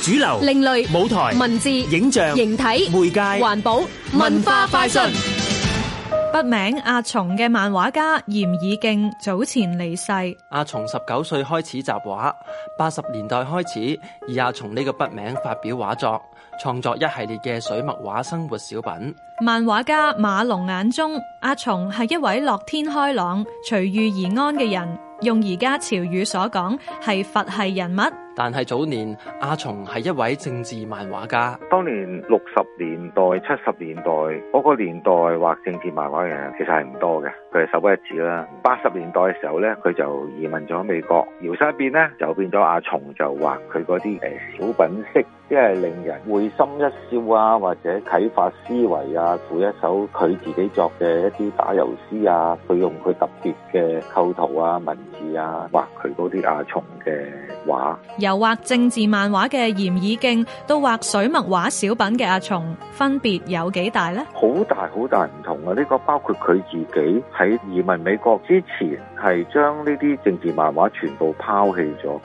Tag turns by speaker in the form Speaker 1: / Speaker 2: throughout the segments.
Speaker 1: 主流、另類、舞台、文字、影像、形體、媒
Speaker 2: 介、環保、文化、快訊。筆名阿松嘅漫畫家嚴以敬早前離世。
Speaker 1: 阿松十九歲開始習畫，八十年代開始以阿松呢個筆名發表畫作，創作一系列嘅水墨畫生活小品。
Speaker 2: 漫畫家馬龍眼中，阿松係一位樂天開朗、隨遇而安嘅人。用而家潮語所講，係佛系人物。
Speaker 1: 但係早年阿松係一位政治漫畫家。
Speaker 3: 當年六十年代、七十年代嗰個年代畫政治漫畫嘅其實係唔多嘅。佢係首屈一指啦。八十年代嘅時候呢，佢就移民咗美國，搖身一變呢，就變咗阿松就畫佢嗰啲誒小品式，即係令人會心一笑啊，或者啟發思維啊。附一首佢自己作嘅一啲打油詩啊，佢用佢特別嘅構圖啊、文字啊，畫佢嗰啲阿松嘅畫。
Speaker 2: 由畫政治漫畫嘅嚴以敬，到畫水墨畫小品嘅阿蟲，分別有幾大呢？
Speaker 3: 好大好大唔同啊！呢個包括佢自己喺移民美國之前，係將呢啲政治漫畫全部拋棄咗。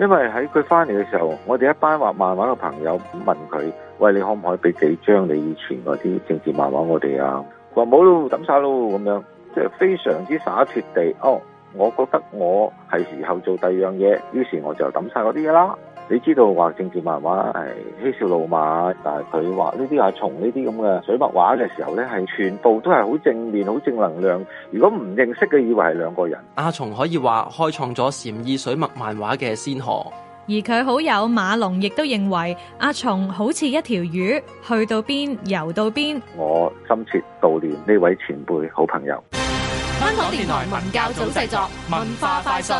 Speaker 3: 因為喺佢翻嚟嘅時候，我哋一班畫漫畫嘅朋友問佢：喂，你可唔可以俾幾張你以前嗰啲政治漫畫我哋啊？佢話冇咯，抌晒咯，咁樣，即係非常之灑脫地哦。我覺得我係時候做第二樣嘢，於是我就抌晒嗰啲嘢啦。你知道話政治漫畫係嬉笑怒罵，但係佢話呢啲阿松呢啲咁嘅水墨畫嘅時候呢，係全部都係好正面、好正能量。如果唔認識嘅，以為係兩個人。
Speaker 1: 阿松可以話開創咗禪意水墨漫畫嘅先河，
Speaker 2: 而佢好友馬龍亦都認為阿松好似一條魚，去到邊游到邊。我
Speaker 3: 深切悼念呢位前輩好朋友。
Speaker 2: 香港電台文教組製作
Speaker 3: 文化快訊。